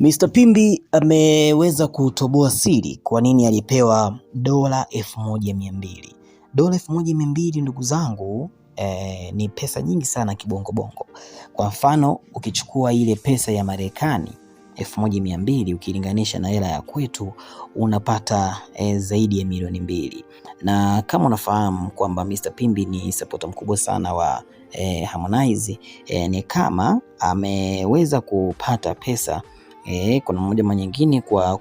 Mr. Pimbi ameweza kutoboa siri kwa nini alipewa dola elfu moja mia mbili. Dola elfu moja mia mbili ndugu zangu eh, ni pesa nyingi sana kibongobongo. Kwa mfano ukichukua ile pesa ya Marekani elfu moja mia mbili ukilinganisha na hela ya kwetu unapata eh, zaidi ya milioni mbili, na kama unafahamu kwamba Mr. Pimbi ni supporter mkubwa sana wa eh, Harmonize eh, ni kama ameweza kupata pesa e, kuna mmoja manyingine nyingine kwa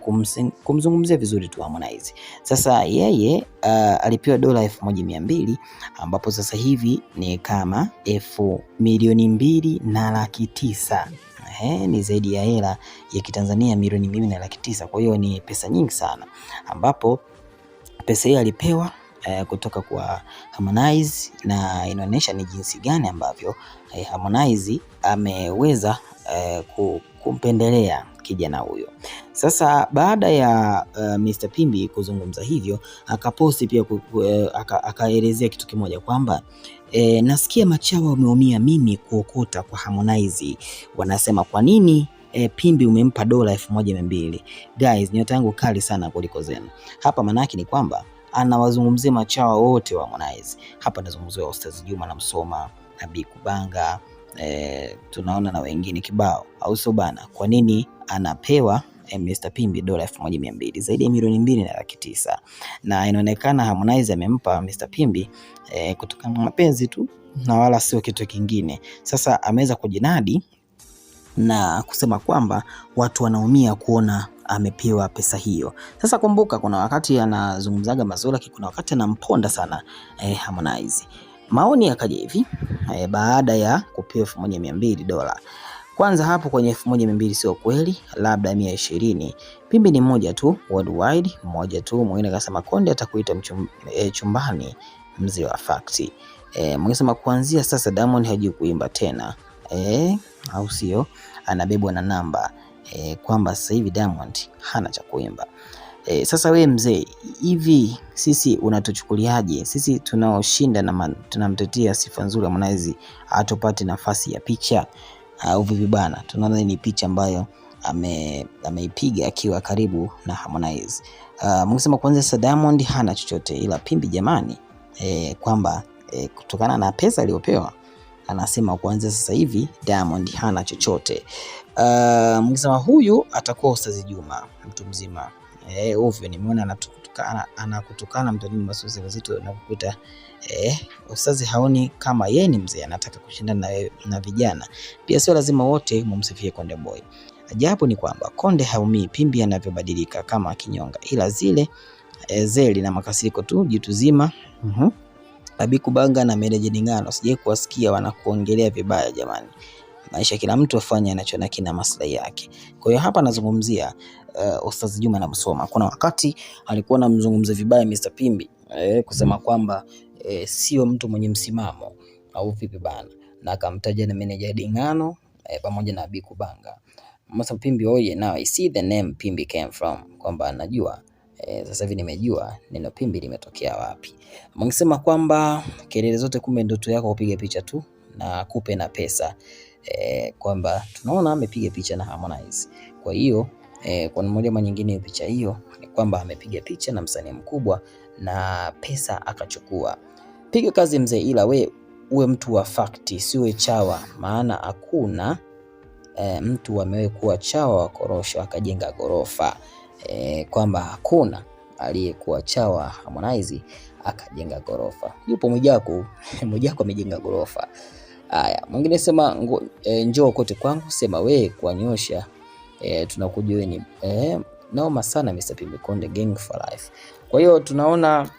kumzungumzia vizuri tu Harmonize. Sasa yeye uh, alipewa dola elfu moja mia mbili ambapo sasa hivi ni kama elfu milioni mbili na laki tisa. He, ni zaidi ya hela ya Kitanzania milioni mbili na laki tisa. Kwa hiyo ni pesa nyingi sana, ambapo pesa hiyo alipewa eh, kutoka kwa Harmonize na inaonyesha ni jinsi gani ambavyo eh, Harmonize ameweza eh, kumpendelea kijana huyo. Sasa baada ya uh, eh, Mr. Pimbi kuzungumza hivyo akaposti pia uh, akaelezea kitu kimoja kwamba E, nasikia machawa wameumia mimi kuokota kwa Harmonize. Wanasema kwa nini E, Pimbi umempa dola elfu moja mia mbili. Guys, nyota yangu kali sana kuliko zenu hapa. yake ni kwamba anawazungumzia machawa wote wa Harmonize hapa, anazungumzia Ustaz Juma na Msoma na Bikubanga e, tunaona na wengine kibao, au sio bana? Kwa nini anapewa e, eh, Mr Pimbi dola elfu moja mia mbili zaidi ya milioni mbili na laki tisa na inaonekana Harmonize amempa Mr Pimbi e, kutokana na mapenzi tu na wala sio kitu kingine. Sasa ameweza kujinadi na kusema kwamba watu wanaumia kuona amepewa pesa hiyo. Sasa kumbuka, kuna wakati anazungumzaga mazuri, kuna wakati anamponda sana eh, Harmonize. Maoni yakaja hivi e, baada ya kupewa elfu moja mia mbili dola kwanza hapo kwenye elfu moja mia mbili sio kweli, labda mia ishirini. Pimbi ni moja tu worldwide, moja tu. Mwingine akasema Konde atakuita e, chumbani mzee wa fakti e, sema kuanzia sasa Diamond hajui kuimba tena e, au sio? Anabebwa na namba e, kwamba sasa hivi Diamond hana cha kuimba. E, sasa we mzee, hivi sisi unatuchukuliaje? Sisi tunaoshinda na tunamtetea sifa nzuri Harmonize atopate nafasi ya picha au vipi bana? Tunaona ni picha ambayo ame ameipiga akiwa karibu na Harmonize. Uh, mngesema kwanza sasa Diamond hana chochote ila pimbi jamani, e, kwamba e, kutokana na pesa aliyopewa anasema kuanzia sasa hivi Diamond hana chochote. Uh, mngesema huyu atakuwa Ustazi Juma mtu mzima eh, ovyo. Nimeona anakutukana anakutukana mtandao masusi wazito na kukuta eh, usazi haoni kama yeye ni mzee, anataka kushindana na, na vijana. Pia sio lazima wote mumsifie Konde Boy. Ajabu ni kwamba Konde haumii pimbi anavyobadilika kama kinyonga, ila zile eh, zeli na makasiriko tu jitu zima. Mhm. Babi Kubanga na meneja Ningano sijai kuwasikia wanakuongelea vibaya jamani. Maisha kila mtu afanye anachoona kina maslahi yake. Kwa hiyo hapa nazungumzia uh, Ustaz Juma na Msoma. Kuna wakati alikuwa anamzungumza vibaya Mr. Pimbi eh, kusema kwamba eh, sio mtu mwenye msimamo au vipi bana, na akamtaja na meneja Dingano eh, pamoja na Abiku Banga. Mr. Pimbi oye, now I see the name Pimbi came from, kwamba anajua E, eh, sasa hivi nimejua neno Pimbi limetokea wapi. Mngesema kwamba kelele zote kumbe ndoto yako kupiga picha tu na kupe na pesa eh, kwamba tunaona amepiga picha na Harmonize. Kwa hiyo eh, kwa mmoja ama nyingine picha hiyo ni kwamba amepiga picha na msanii mkubwa na pesa akachukua. Piga kazi mzee, ila we uwe mtu wa fakti, siwe chawa, maana hakuna e, mtu amewahi kuwa chawa wa korosho akajenga gorofa e, eh, kwamba hakuna aliyekuwa chawa Harmonize akajenga gorofa. Yupo Mwijaku Mwijaku amejenga gorofa. Aya, mwingine sema e, njoo kote kwangu, sema we kuwanyosha e, ni e, naoma sana Mr. P Konde gang for life. Kwa hiyo tunaona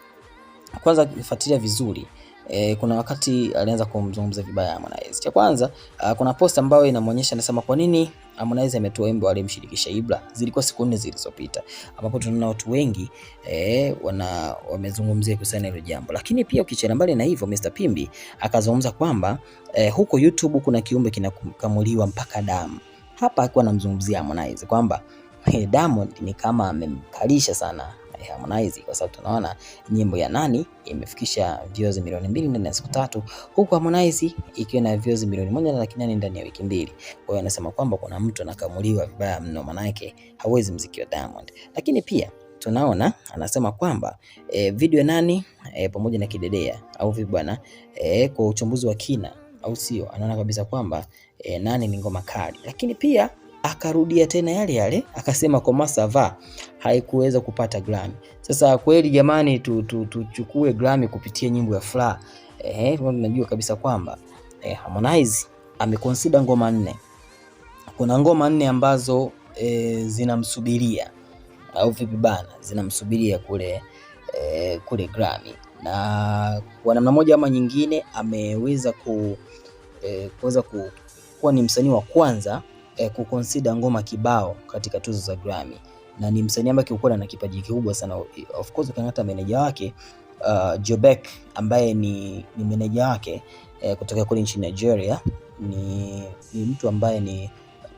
kwanza, fuatilia vizuri e, kuna wakati alianza kumzungumza vibaya Harmonize. Cha kwanza uh, kuna post ambayo inamuonyesha nasema kwa nini Harmonize ametoa wimbo aliyemshirikisha Ibra, zilikuwa siku nne zilizopita, ambapo tunaona watu wengi eh, wana wamezungumzia kuhusiana hilo jambo. Lakini pia ukichana mbali na hivyo, Mr Pimbi akazungumza kwamba e, huko YouTube kuna kiumbe kinakamuliwa mpaka damu. Hapa alikuwa anamzungumzia Harmonize kwamba eh, Diamond ni kama amemkalisha sana Harmonize, kwa sababu tunaona nyimbo ya nani imefikisha views milioni mbili ndani ya siku tatu, huku Harmonize ikiwa na views milioni moja na laki nane ndani ya wiki mbili. Kwa hiyo anasema kwamba kuna mtu anakamuliwa vibaya mno, manake hawezi mziki wa Diamond, lakini pia tunaona anasema kwamba e, video nani e, pamoja na kidedea au vipi bwana e, kwa uchambuzi wa kina, au sio? Anaona kabisa kwamba e, nani ni ngoma kali, lakini pia akarudia tena yale yale, akasema kwa masava haikuweza kupata Grammy. Sasa kweli jamani, tuchukue tu, tu, Grammy kupitia nyimbo ya Fla. Eh, tunajua kabisa kwamba eh, Harmonize amekonsida ngoma nne. Kuna ngoma nne ambazo eh, zinamsubiria au vipi bana, zinamsubiria kule eh, kule Grammy na kwa namna moja ama nyingine ameweza ku, eh, kuweza ku, kuwa ni msanii wa kwanza eh, kukonsida ngoma kibao katika tuzo za Grammy na ni msanii ambaye kiukweli ana kipaji kikubwa sana. Of course ukiangalia meneja wake uh, Jobek ambaye ni, ni meneja wake eh, kutoka kule nchini Nigeria ni, ni mtu ambaye ni,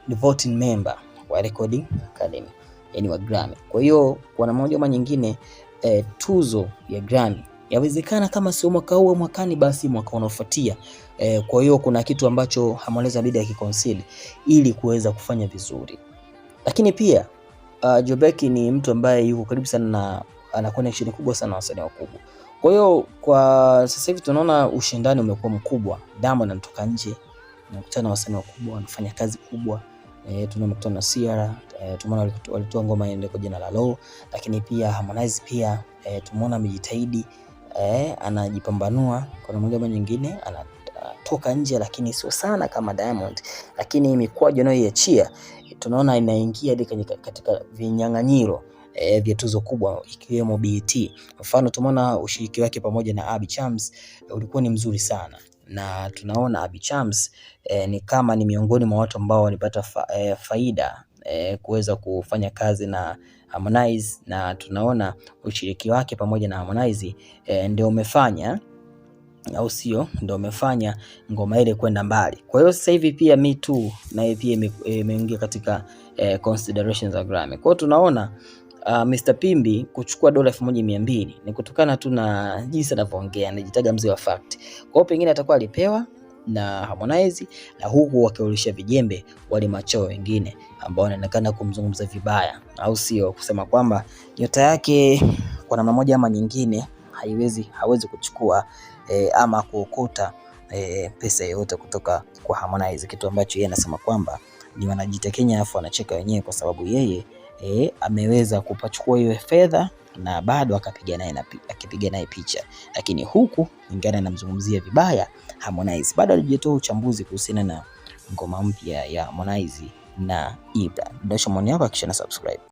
ni voting member wa Recording Academy yani wa Grammy. Kwa hiyo kwa namna moja ama nyingine eh, tuzo ya Grammy Yawezekana kama sio mwaka huu, mwakani, basi mwaka unaofuatia. E, kwa hiyo kuna kitu ambacho Harmonize bidii akikonsili ili kuweza kufanya vizuri, lakini pia uh, Jobeki ni mtu ambaye yuko karibu sana na ana connection kubwa sana na wasanii wakubwa. Kwa hiyo kwa sasa hivi tunaona ushindani umekuwa mkubwa. Diamond anatoka nje, anakutana na wasanii wakubwa, wanafanya kazi kubwa. E, eh, tunamkutana na Ciara e, tumeona walitoa ngoma ile kwa jina la Low, lakini pia Harmonize pia e, tumeona amejitahidi eh, anajipambanua kwa namna moja nyingine, anatoka nje, lakini sio sana kama Diamond, lakini mikwaju anayoiachia tunaona inaingia hadi katika vinyang'anyiro E, vya tuzo kubwa ikiwemo BET. Mfano, tumeona ushiriki wake pamoja na Abby Chams eh, ulikuwa ni mzuri sana na tunaona Abby Chams eh, ni kama ni miongoni mwa watu ambao walipata fa, eh, faida e, kuweza kufanya kazi na Harmonize na tunaona ushiriki wake pamoja na Harmonize e, ndio umefanya au sio? Ndio umefanya ngoma ile kwenda mbali. Kwa hiyo sasa hivi pia Me Too naye pia imeingia katika e, considerations za Grammy. Kwa hiyo tunaona Uh, ah, Mr. Pimbi kuchukua dola elfu moja mia mbili ni kutokana tu na jinsi anavyoongea, anajitaga mzee wa fact. Kwa hiyo pengine atakuwa alipewa na Harmonize na huku wakiulisha vijembe wale macho wengine ambao anaonekana kumzungumza vibaya, au sio? Kusema kwamba nyota yake kwa namna moja ama nyingine haiwezi hawezi kuchukua e, ama kuokota e, pesa yoyote kutoka kwa Harmonize, kitu ambacho yeye anasema kwamba ni Kenya afu anacheka wenyewe kwa sababu yeye e, ameweza kupachukua hiyo fedha na bado akapiga naye akipiga naye picha, lakini huku ingana anamzungumzia vibaya Harmonize. Bado alijitoa uchambuzi kuhusiana na ngoma mpya ya Harmonize na Ibra. Dondosha maoni yako akisha na subscribe.